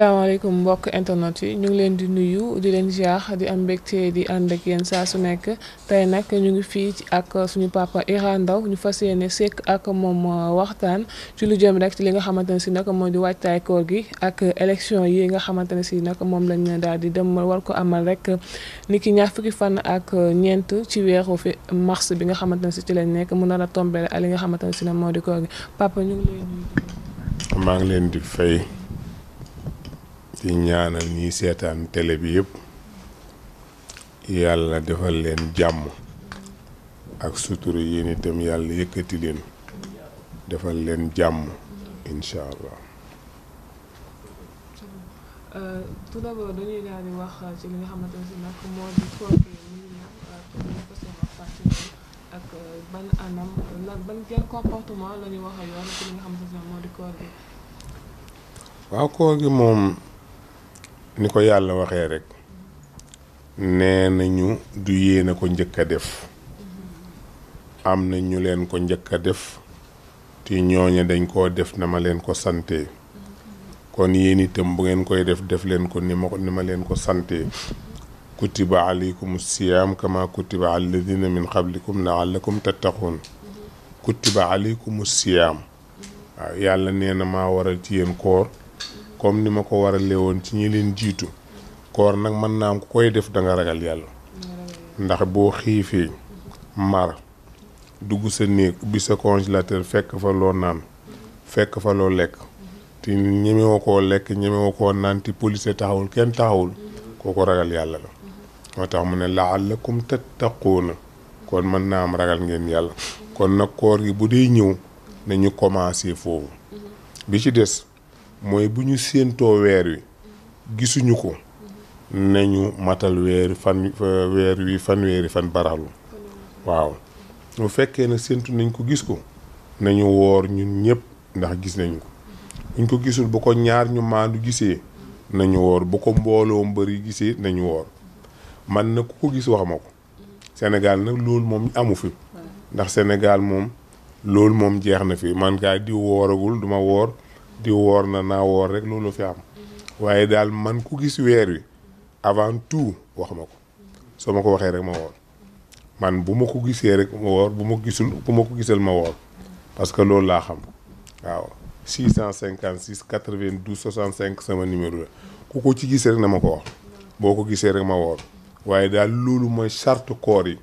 salaamaaleykum mbokk internet yi ñu ngi leen di nuyu di leen ziar di am mbégte di ànd ak yéen saa su nekk tey nag ñu ngi fii ak suñu papa Iran Ndao ñu fas yéene sekk ak moom euh, waxtaan ci lu jëm rek ci li nga xamante ne si nag moo di waajtaay gi ak élection yi nga xamante ne si nag moom lañ daal di dem war ko amal rek ni ki ñaar fukki fan ak euh, ñeent ci weeru fi mars bi nga xamante ne si ci leen nekk mu nar a tombé ak li nga xamante ne si na moo di koor gi papa ñu ngi lay nuyu. maa ngi leen di fay. di ñaanal ñiy seetaan télé bi yëpp yàlla defal leen jàmm ak suturu yéen itam yàlla yëkkati leen defal leen jàmm incha allah. Euh, tout d'abord dañuy daal di wax ci li nga xamante ne moo di trophée euh, ak wax ak euh, yoon moom. ni ko yàlla waxee rek nee ñu du yéen a ko njëkk a def am na ñu leen ko njëkk a def te ñooña dañ koo def na ma leen ko sante kon yéen itam bu ngeen koy def def leen ko ni ma ni ma leen ko sante kutiba alaykum siyaam kama kutiba alladina min qablikum laallakum tattaqun siyaam waaw yàlla nee na maa waral ci yéen koor comme ni ma ko waralee woon ci ñi leen jiitu koor nag mën naa am ku koy def da ragal yàlla ndax boo xiifee mar dugg sa néeg ubbi sa congélateur fekk fa loo naan fekk fa loo lekk te ñemewoo ko lekk ñemewoo koo naan te police taxawul kenn taxawul kooku ragal yàlla la moo tax mu ne laallakum na kon mën naa am ragal ngeen yàlla kon nag koor gi bu dee ñëw nañu commencé foofu bi ci des mooy bu ñu séentoo weer wi gisuñu ko nañu matal weer fan weer wi fanweeri fan baralu waaw bu fekkee ne séentu nañ ko gis ko nañu woor ñun ñëpp ndax gis nañ ko buñ ko gisul bu ko ñaar ñu maandu gisee nañu woor bu ko mbooloo mbëri gisee nañu woor man na ku ko gis wax ma ko Sénégal nag loolu moom amu fi ndax Sénégal moom loolu moom jeex na fi man kaa di wooragul duma woor di woor na naa woor rek loolu fi am waaye daal man ku gis weer wi avant tout wax ma ko soo ma ko waxee rek ma woor man bu ma ko gisee rek ma woor bu ma gisul bu ma ko gisal ma parce que loolu laa xam waaw 656 92 65 sama numéro la ku ci gis na ma ko boo ko gisee rek ma waaye daal loolu mooy charte koor yi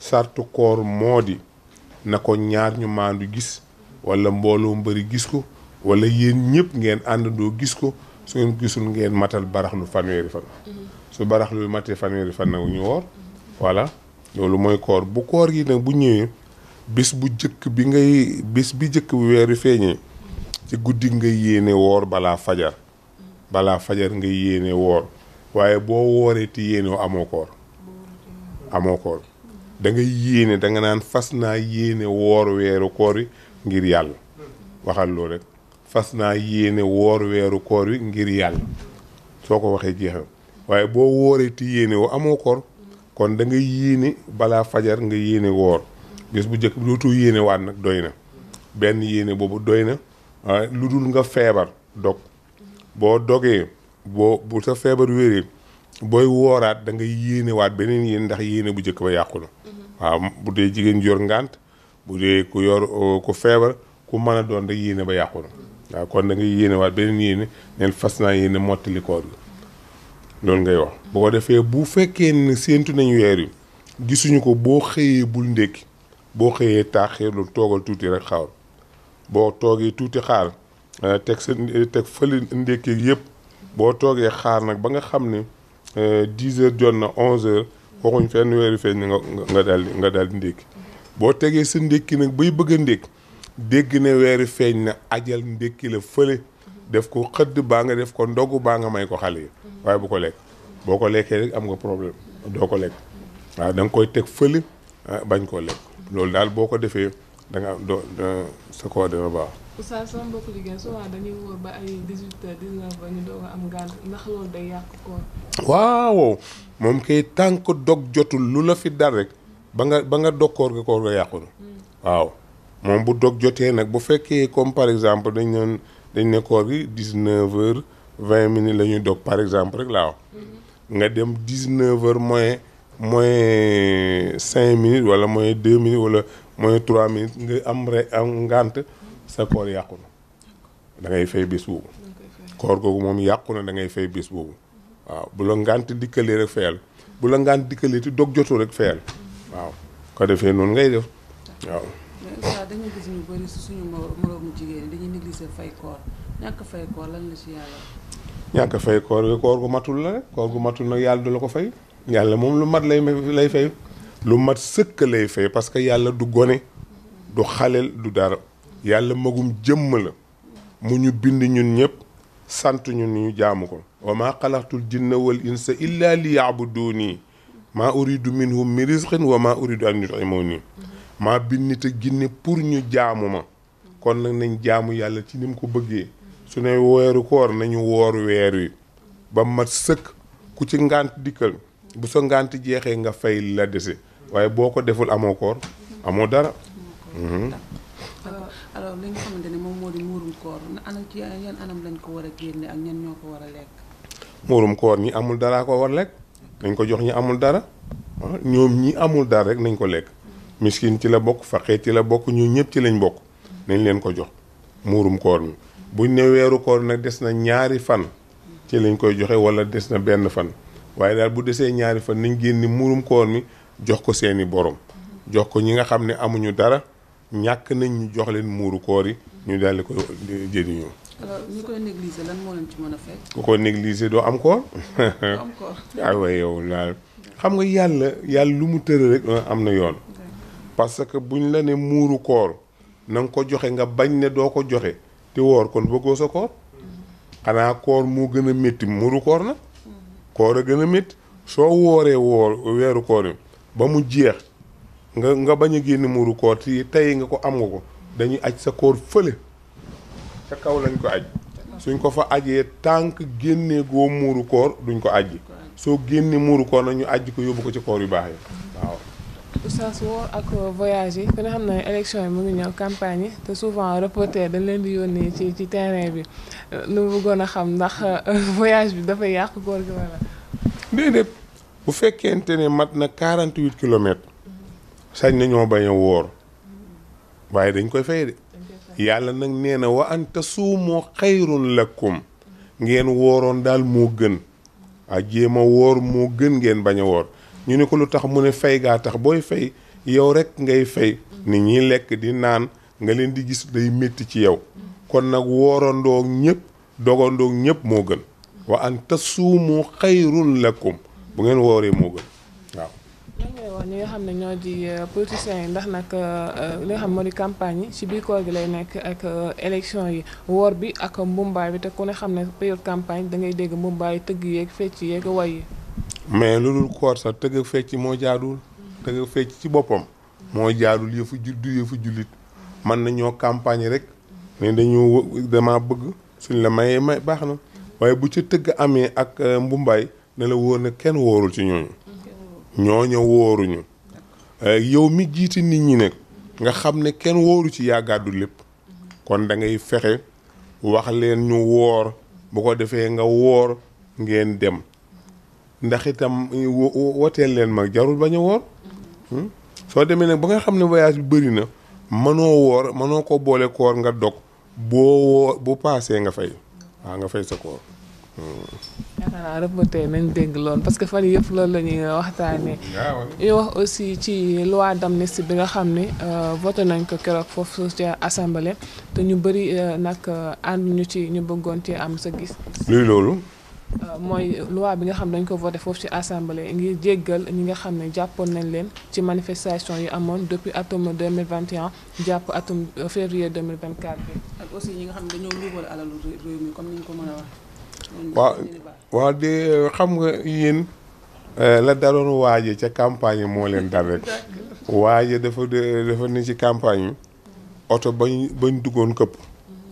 charte koor moo di na ko ñaar ñu maandu gis walla mbooloo bari gis ko wala yéen ñëpp ngeen àndandoo gis ko su ngeen gisul ngeen matal baraxlu fanweeri fan mm-hmm. su baraxlu matee fanweeri fan nag ñu woor voilà loolu mooy koor bu koor gi ne bu ñëwee bis bu jëkk bi ngay bis bi jëkk bu weeru wi feeñee ci guddi nga yéene woor balaa fajar balaa fajar nga yéene woor waaye boo wooree ti yéenoo amoo koor amoo koor dangay ngay yéene da nga naan fas naa yéene woor weeru koor yi ngir yàlla waxal loolu fas naa yéene woor weeru koor wi ngir yàlla soo ko waxee jeexal waaye boo wooree ti yéene woo amoo koor kon da nga yéene balaa fajar nga yéene woor bés bu njëkk dootoo yéene waat nag doy na benn yéene boobu doy na lu dul nga feebar dog boo dogee boo bu sa feebar wéree booy wooraat da nga yéene beneen yéen ndax yéene bu njëkk ba yàqu na waaw bu dee jigéen yor ngànt bu dee ku yor ku feebar ku mën a doon rek yéene ba yàqu na waaw kon da ngay yéene waat beneen yéene neen fas naa yéene mottali koor gi loolu ngay wax boo ko defee bu fekkee ne séentu nañu weer yi gisuñu ko boo xëyee bul ndékki boo xëyee taaxee lu toogal tuuti rek xaar boo toogee tuuti xaar eh, teg sa teg fële ndékki yëpp boo toogee xaar nag ba nga xam ne eh, dix heures jot na onze heures waxuñ fenn weeri feeñ nga nga daal nga daal di ndékki boo tegee sa ndékki nag bay bëgg a ndékki dégg ne weeri feeñ na ajal ndékki la fële def ko xëdd baa nga def ko ndogu baa nga may ko xale yi waaye bu ko lekk boo ko lekkee rek am nga problème doo ko lekk waaw da nga teg fële ah, bañ koo lekk loolu daal boo ko defee da nga do sa moom kay tànk dog jotul lu la fi dar rek ba nga ba nga dog koor ga koor ga yàqu hmm. waaw. moom bu dog jotee nag bu fekkee comme par exemple dañ ne dañ ne koor gi dix neuf heures vingt minutes la ñuy dog par exemple rek laa wax nga dem dix neuf heures moins moins cinq minutes wala moins deux minutes wala moins trois minutes nga am rek am ngànt sa koor yàqu dangay da ngay fay bés boobu koor googu moom yàqu na da ngay fay bés boobu waaw bu la ngànt dikkalee rek fayal bu la ngànt dikkalee te dog jotu rek fayal mm-hmm. waaw ko defee noonu ngay def waaw dañu gis ñu bëri suñu moroomu jigéen ñi dañuy négliger fay koor ñàkk fay koor lan la si yàlla. ñàkk fay koor gi koor gu matul la rek koor gu matul nag yàlla du la ko fay yàlla moom lu mat lay lay lu mat sëkk lay fay parce que yàlla du gone du xaleel du dara yàlla magum jëmm la mu ñu bind ñun ñëpp sant nu ñu jaamu ko wa maa xalaqtul jinna wal insa illa li yaabuduuni maa uridu minhum min risqin wa maa uridu an yut'imuuni ma bind nit ak jinne pour ñu jaamu ma kon nag nañ jaamu yàlla ci ni ko bëggee su ne weeru koor nañu woor weer wi ba mat sëkk ku ci ngant dikkal bu sa ngant jeexee nga fay la dese waaye boo ko deful amoo koor amoo dara mhm. euh, alors li muurum koor ñi amul dara ko war lekk nañ ko jox ñi amul dara ah, ñoom ñi amul dara rek nañ ko lekk miskin ci la bokk faqee ci la bokk ñu ñëpp ci lañ bokk nañ leen ko jox muurum koor mi buñ neweeru weeru koor nag des na ñaari fan ci lañ koy joxe wala des na benn fan waaye daal bu desee ñaari fan nañ génn muurum koor mi jox ko seeni borom jox ko ñi nga xam ne amuñu dara ñàkk nañ ñu jox leen muuru koor yi ñu daal di ko koy négliger ko négliger doo am koor. doo am koor xam nga yàlla yàlla lu mu tëral rek ah, am na yoon. parce que buñ la ne muuru koor na nga ko joxe nga bañ ne doo ko joxe te woor kon bëggoo sa koor xanaa koor moo gën a métti muuru koor na koor a gën a métti soo wooree woor weeru koor yi ba mu jeex nga nga bañ a génn muuru koor ti tey nga ko am nga ko dañuy aj sa koor fële ca kaw lañ ko aj suñ ko fa ajee tànk génnee goo muuru koor duñ ko ajji soo génnee muuru koor na ñu ajji ko yóbbu ko ci koor yu baax yi Oustaz Wor ak voyage yi ku ne xam na élection yi mu ngi ñëw campagne yi te souvent reporter dañ leen di yónnee ci ci terrain bi nu mu bëggoon a xam ndax voyage bi dafay yàq góor gi wala. déedéet bu fekkente ne mat na 48 kilomètres sañ nañoo bañ a woor waaye dañ koy fay de. yàlla nag nee na wa anta suumoo xayrun lakum ngeen wooroon daal moo gën a jéem a woor moo gën ngeen bañ a woor. ñu ne ko lu tax mu ne fay gaa tax booy fay yow rek ngay fay nit ñi lekk di naan nga leen di gis day métti ci yow kon nag woorandoo ñëpp dogandoo ñëpp moo gën wa an tasuumu xayrun lakum bu ngeen wooree moo gën waaw lan nga xam ne ñoo di euh, politiciens yi ndax nag euh, li nga xam moo di campagne yi ci biir koor gi lay nekk ak euh, élection yi woor bi ak mbumbaay bi te ku ne xam ne période campagne da ngay dégg mbumbaay tëgg yeeg fecc yeek way yi mais lu dul koor sax tëgg fecc moo jaadul tëgg fecc ci boppam moo jaadul yëfu ju du yëfu jullit man na ñoo campagne rek ne dañu dama bëgg suñ la mayee may baax na waaye bu ca tëgg amee ak euh, mbumbaay ne la wóor na kenn wóorul ci ñooñu ñooñu wóoruñu euh, yow mi jiiti nit ñi ne nga xam ne kenn wóoru ci yaa gàddu lépp kon da ngay fexe wax leen ñu woor bu ko defee nga woor ngeen dem ndax itam wooteel leen mag jarul bañ a woor hmm? soo demee nag ba nga xam ne voyage bi bëri na mënoo woor mënoo ko boole koor nga dog boo woor bu paasee nga fay waaw nga fay sa koor hmm. yaakaar naa reporter nañ dégg loolu parce que fan yëpp loolu la ñuy waxtaanee. ñu wax aussi ci loi d'amnistie bi nga xam ne euh, voté nañ ko keroog foofu ci assemblée te ñu bëri euh, nag euh, ànd ñu ci ñu bëggoon ci am sa gis. luy loolu. Euh, mooy loi bi nga xam dañ ko voté foofu ci assemblée ngir jéggal ñi nga xam ne jàppoon nañ leen ci manifestation yi amoon depuis atum 2021 jàpp atum euh, février 2024 bi ak aussi ñi nga xam ne dañoo luubal alalu réew mi ñu ko mën a waaw de euh, xam nga yéen la daloon waaje ca campagne yi moo leen dal rek waaje dafa dafa ne ci campagne yi oto bañ bañ duggoon këpp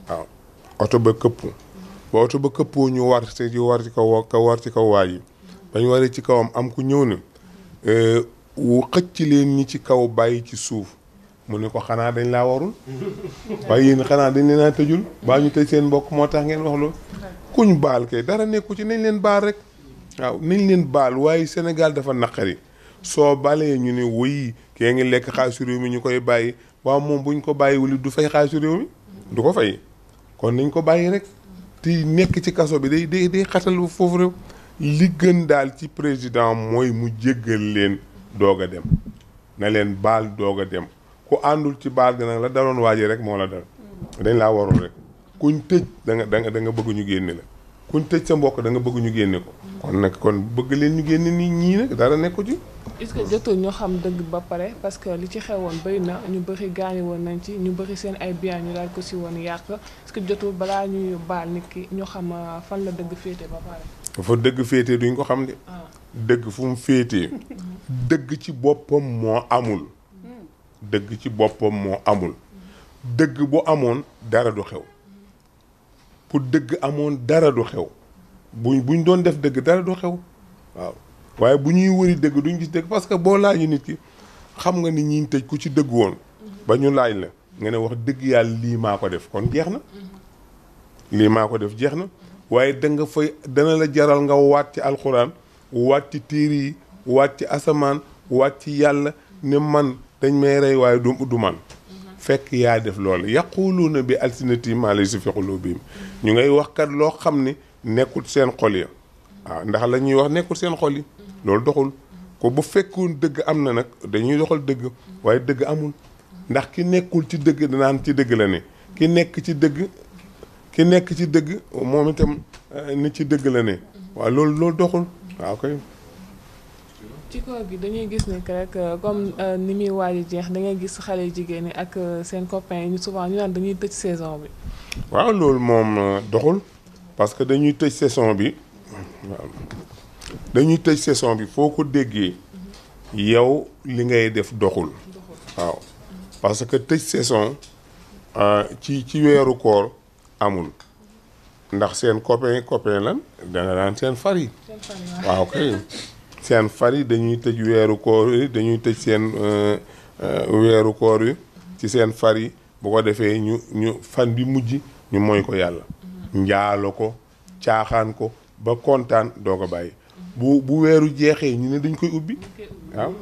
waaw oto ba këpp ba oto ba këppoo ñu war ci ñu war ci kaw ka war ci kaw dañu waree ci kaw am am ku ñëw ne euh, xëcc leen ñi ci kaw bàyyi ci suuf mu ne ko xanaa dañ laa warul waaye yéen xanaa dañ leen a tëjul baa ñu tëj seen mbokk moo tax ngeen wax loolu kuñ baal kay dara nekku ci nañ leen baal rek waaw nañ leen baal waaye Sénégal dafa naqari soo balee ñu ne wuy kee ngi lekk xaalisu réew mi ñu koy bàyyi waaw moom buñ ko bàyyiwul du fay xaalisu réew mi du ko fay kon nañ ko bàyyi rek di nekk ci kaso bi day day day xatal foofu rek li gën daal ci président mooy mu jéggal leen doog a dem na leen baal doog a dem ku àndul ci baal gi nag la daloon waajee rek moo la dal mm. dañ laa warul rek kuñ tëj da danga da nga ñu génne la ku kun tëj sa mbokk da nga bëgg ñu génne ko. kon nag kon bëgg leen ñu génne nii ñii nag dara nekku ci. est-ce que jotul ñoo xam dëgg ba pare parce que li ci xewoon bëri na ñu bëri gaañu woon nañ ci ñu bëri seen ay biens ñu daal ko si woon yàq est-ce que jotul balaa ñuy baal nit ki ñoo xam euh, fan la dëgg féete ba pare. fa dëgg féete duñ ko xam de. Ah. dëgg fu féete mm-hmm. dëgg ci boppam moo amul. Mm. dëgg ci boppam moo amul. Mm-hmm. dëgg bu amoon dara du xew. pour dëgg amoon dara du xew bu buñ doon def dëgg dara du xew waaw waaye bu ñuy wëri dëgg duñ gis dëgg parce que boo laajee nit ki xam nga nit ñiy tëj ku ci dégg woon ba ñu laaj la nga ne wax dëgg yàlla lii maa ko def kon jeex na lii maa ko def jeex na waaye da nga fay dana la jaral nga waat ci alxuraan waat ci tiir yi waat ci asamaan waat ci yàlla ne man dañ may rey waaye du man fekk yaa def loolu yaquluuna bi alsinatihim maa laysa fi qulubihim ñu ngay wax kat loo xam ni nekkul seen xol ya waaw ndax la ñuy wax nekkul seen xol yi loolu doxul ko bu fekkoon dëgg am na nag dañuy doxal dëgg waaye dëgg amul ndax ki nekkul ci dëgg danaan ci dëgg la ne ki nekk ci dëgg ki nekk ci dëgg moom itam ni ci dëgg la ne waaw loolu loolu doxul waaw kay ci ko gi dañuy gis rek comme jeex ak euh, copains ñu souvent ñu naan dañuy saison bi. waaw loolu euh, parce que dañuy tëj saison bi dañuy saison bi foo ko yow li ngay def doxul. parce que toute saison euh, ci ci weeru koor amul. ndax copain copain lan da nga daan seen far yi dañuy tëj weeru koor yi dañuy tëj seen euh, euh, weeru koor yi ci seen far yi bu ko defee ñu ñu fan bi mujj ñu mooy ko yàlla njaalo ko caaxaan ko ba kontaan doo ko bàyyi bu bu weeru jeexee ñu ne dañ koy ubbi waaw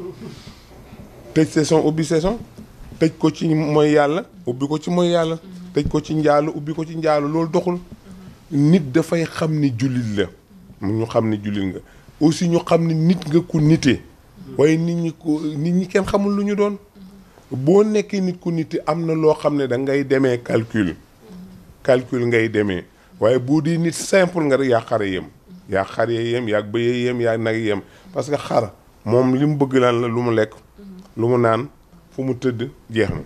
tëj saison ubbi saison tëj ko ci mooy yàlla ubbi ko ci mooy yàlla tëj ko ci njaalo ubbi ko ci njaalo loolu doxul nit dafay xam ni jullit la mu ñu xam ni jullit nga aussi ñu xam ne nit nga ku nite waaye nit ñi ko nit ñi kenn xamul lu ñu doon boo nekkee nit ku nite am na loo xam ne da ngay demee calcul calcul ngay demee waaye boo di nit simple nga rek yaa xare yem yaa xar yee yem yaa bëyee yem yaa nag yem parce que xar moom li mu bëgg lan la lu mu lekk lu mu naan fu mu tëdd jeex na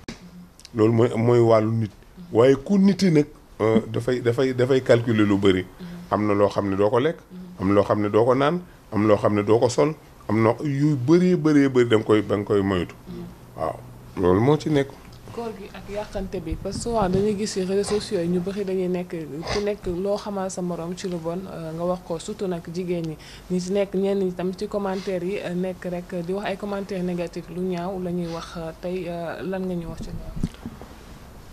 loolu mooy mooy wàllu nit waaye ku niti nag euh, dafay dafay dafay calculer lu bëri am na loo xam ne doo ko lekk am loo xam ne doo ko naan am loo xam ne doo ko sol am na yu bëree bëree bëri da nga koy da nga koy moytu. Mm. waaw loolu moo ci nekk. koor gi ak yàqante bi parce que souvent gis ci réseaux sociaux yi ñu bëri dañuy nekk ku nekk loo xamal sa moroom ci lu bon euh, nga wax ko surtout nag jigéen ñi ñu ci nekk ñeen ñi tamit ci commentaire yi euh, nekk rek di wax ay commentaire négatif lu ñaaw la ñuy wax euh, tey lan nga ñu wax ci loolu.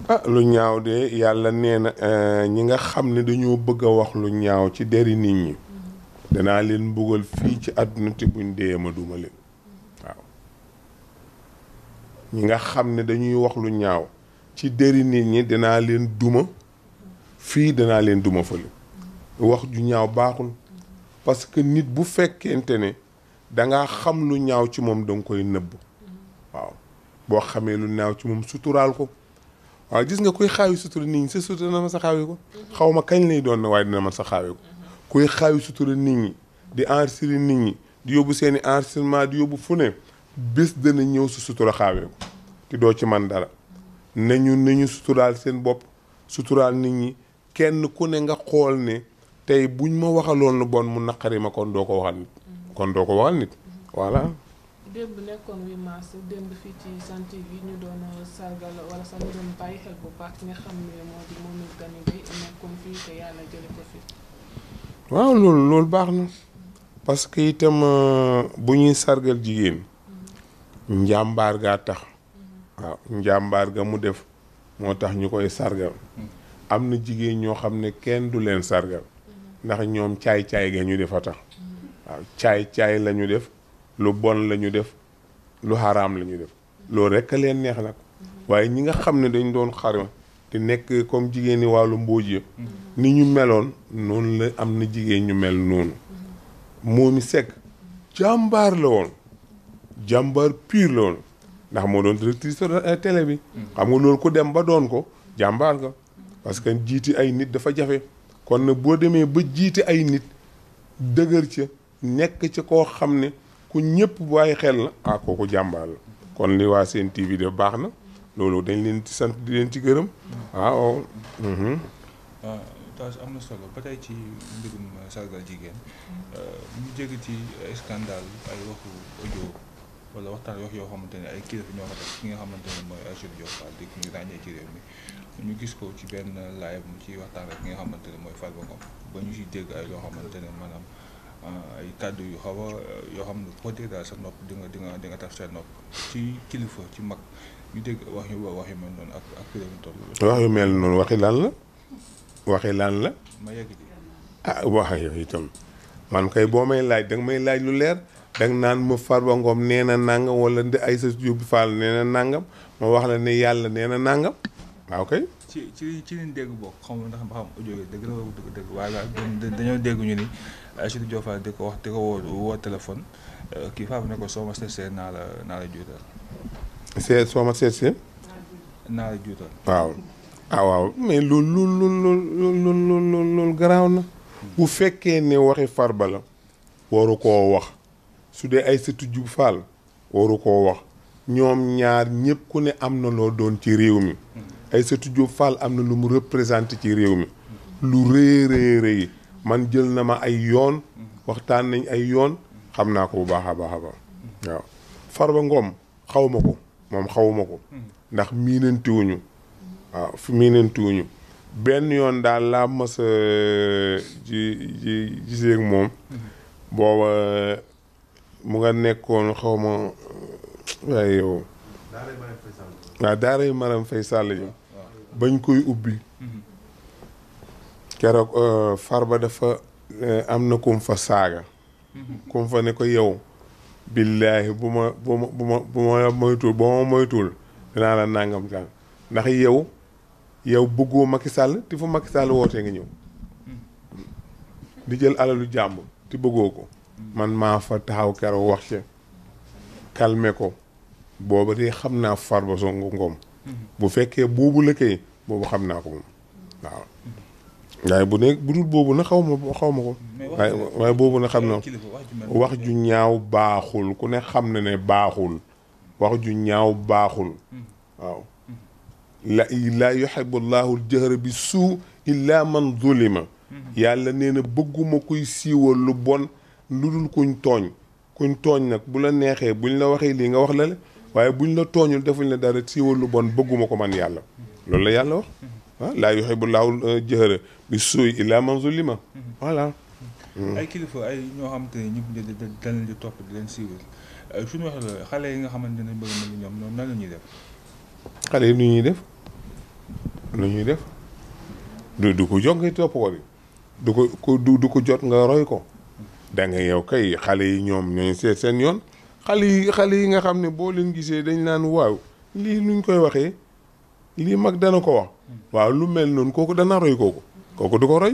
ah lu ñaaw de yàlla nee na ñi nga xam ne dañoo bëgg a wax lu ñaaw ci deri nit ñi. danaa leen mbugal fii ci àdduna te buñ dee ma duma leen waaw ñi nga xam ne dañuy wax lu ñaaw ci dëri nit ñi danaa leen duma fii danaa leen duma fële wax ju ñaaw baaxul parce que nit bu fekkente ne danga xam lu ñaaw ci moom danga koy nëbb waaw boo xamee lu ñaaw ci moom suturaal ko waaw gis nga koy xaawi sutura nit ñi sa sutura dina ma sa xaawi ko mm-hmm. xaw ma kañ lay doon na waaye dina ma sa xaawi ko kuy xaayu sutura nit ñi di enregistrer nit ñi di yóbbu seeni i enregistrement di yóbbu fu ne bés dana ñëw su sutura xaawee ko te doo ci man dara ne nañu nañu suturaal seen bopp suturaal nit ñi kenn ku ne nga xool ne tey buñ ma waxaloon lu bon mu naqari ma kon doo ko waxal nit kon doo ko waxal nit voilà waaw loolu loolu baax na parce que itam euh, bu ñuy sargal jigéen njàmbaar gaa tax waaw njàmbaar ga mu def moo tax ñu koy sargal am na jigéen ñoo xam ne kenn du leen sargal ndax ñoom caay-caay ga ñu def a tax waaw caay-caay la ñu def lu bon la ñu def lu xaraam la ñu def loolu rekk leen neex nag waaye ñi nga xam ne dañ doon xar te nekk comme jigéeni ñi wàllu mbooj yëpp mm-hmm. ni ñu meloon noonu la am na jigéen ñu mel noonu mm-hmm. Momy Seck jàmbaar la woon jàmbaar piir la woon ndax moo doon directrice télé bi mm-hmm. xam nga loolu ku dem ba doon ko jàmbaar ko parce que jiiti ay nit dafa jafe kon na boo demee ba jiiti ay nit dëgër ca nekk ca koo xam ne ku ñëpp bàyyi xel la ah kooku jàmbaar la kon li waa seen TV de baax na loolu dañ leen ci sant di leen ci gërëm waaw mhm. ah, tas am na solo ba tey ci mbirum sargal jigéen euh, ñu jéggi ci ay scandale ay waxu audio wala waxtaan wax yoo xamante ne ay kilifa ñoo ko ki nga xamante ne mooy Aïssatou Diop Fall ràññee ci réew mi ñu gis ko ci benn live mu ci waxtaan ak nga xamante ne mooy Farba Ngom ba ñu si dégg ay loo xamante ne maanaam euh, ay kàddu yu xaw a euh, yoo xam ne boo déggee daal sa nopp di nga di nga di nga taf sa nopp ci kilifa ci mag ñu wax yu wax yu mel noonu ak ak kuréel yu mel noonu waxi lan waxi lan la. ma yegg ji ah wax yooyu itam man kay boo may laaj danga may laaj lu leer danga naan ma Farba Ngom nee na nangam wala ay Aïssa Diop Fall nee na nangam ma wax la ne yàlla nee na nangam waaw kay. ci ci ci liñ dégg bokk xam nga ndax ba xam audio yi dañoo dégg ñu ni Aïssatou Diop Fall di ko wax di ko woo woo euh, kii Farba ne ko soo ma seet naa la naa la juutal. seet soo ma seet see. naa la juutal waaw. ah waaw mais loolu loolu loolu loolu loolu loolu garaaw na. bu fekkee ne waxi farba la. waru koo wax su dee ay sëtu jub faal waru koo wax ñoom ñaar ñëpp ku ne am na loo doon ci réew mi. Mm. ay sëtu jub faal am na lu mu représenté ci réew mi. lu rëy rëy rëy man jël na ma ay yoon. Mm. waxtaan nañ ay yoon. xam naa ko bu baax a baax a baax. Mm. waaw farba ngoom xaw ma ko. moom xawuma ko ndax miinantiwuñu waaw miinantiwuñu benn yoon daal laa mas a ji ji gisee moom booba mu nga nekkoon xawma waaye yow waaw daaray Maram Fay Sàll ji bañ koy ubbi keroog euh, Farba dafa euh, am na kum fa saaga kum fa ne ko yow billaahi bu ma bu ma bu ma bu ma moytuwul boo ma moytuwul dinaa la nangam tàng ndax yow yow bëggoo Macky Sall te fu Macky Sall wootee nga ñëw di jël alalu jàmbur ti bëggoo ko man maa fa taxaw keroog wax ca calmer ko booba de xam naa Farba Ngom mm-hmm. bu fekkee boobu la kay boobu xam naa ko moom waaw waaye bu ne bu dul boobu na xaw ma xaw ma ko. waaye waaye boobu na xam na wax ju ñaaw baaxul ku ne xam na ne baaxul wax ju ñaaw baaxul waaw la laa yuhibbu llaahu al-jahra bi suu illa man yàlla nee na bëgguma kuy siiwal lu bon lu dul kuñ tooñ kuñ tooñ nag bu la neexee buñ la waxee lii nga wax la le waaye buñ la tooñul defuñ la dara siiwal lu bon bëgguma ko man yàlla loolu la yàlla wax Ah, laa yuhibbu llaahu jahra bi suuy illaa man zulima voilà. Mm-hmm. ay kilifa ay ñoo xam te ñu di dañ di topp di leen siiwal suñu wax xale yi nga xamante ne bëgg na ñuy def. yi nu ñuy def lu ñuy def du du ko du ko du jot nga roy ko. da nga yow kay xale yi ñoom ñooy seet seen yoon xale yi xale yi nga xam ne boo leen gisee dañ naan waaw lii nuñ koy waxee lii mag dana ko wax. waaw lu mel noonu kooku dana roy kooku kooku du ko roy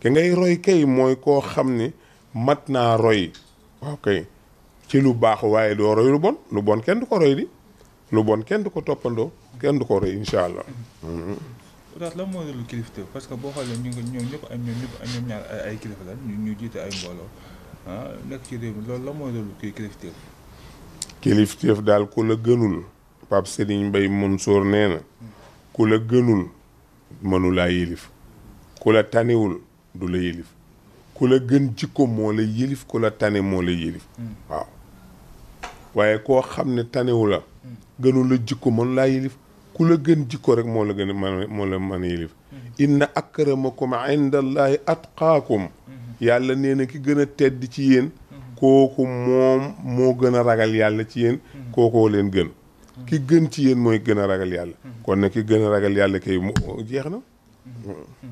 ki ngay roy kay mooy koo xam ni mat naa roy waaw kay ci lu baax waaye doo roy lu bon lu bon kenn du ko roy di lu bon kenn du ko toppandoo kenn du ko roy incha allah. Mm-hmm. oustaz lan parce que boo xoolee ñu ñëpp ay ñoom ñëpp ay ñoom ñaar ay kilifa la ñu ñu jiite ay mbooloo ah nekk ci réew mi loolu lan mooy loolu kii kilifteef. kilifteef daal ku la gënul Pape Serigne Mbaye Mansour nee na. Mm. ku la gënul mënulaa yilif ku la taniwul du la yilif ku la gën jikko moo la yilif ku la tane moo la yilif mm. waaw waaye koo xam ne tanewu la mm. gënul la jikko mënulaa yilif ku la gën jikko rek moo la gën a mën moo la mën a yilif mm-hmm. inna akramakum inda mm-hmm. yàlla nee na ki gën a tedd ci yéen mm-hmm. kooku moom moo gën a ragal yàlla ci yéen kookoo leen gën ki gën ci yéen mooy gën a ragal yàlla mm-hmm. kon nag ki gën a ragal yàlla kay mu jeex na mm-hmm.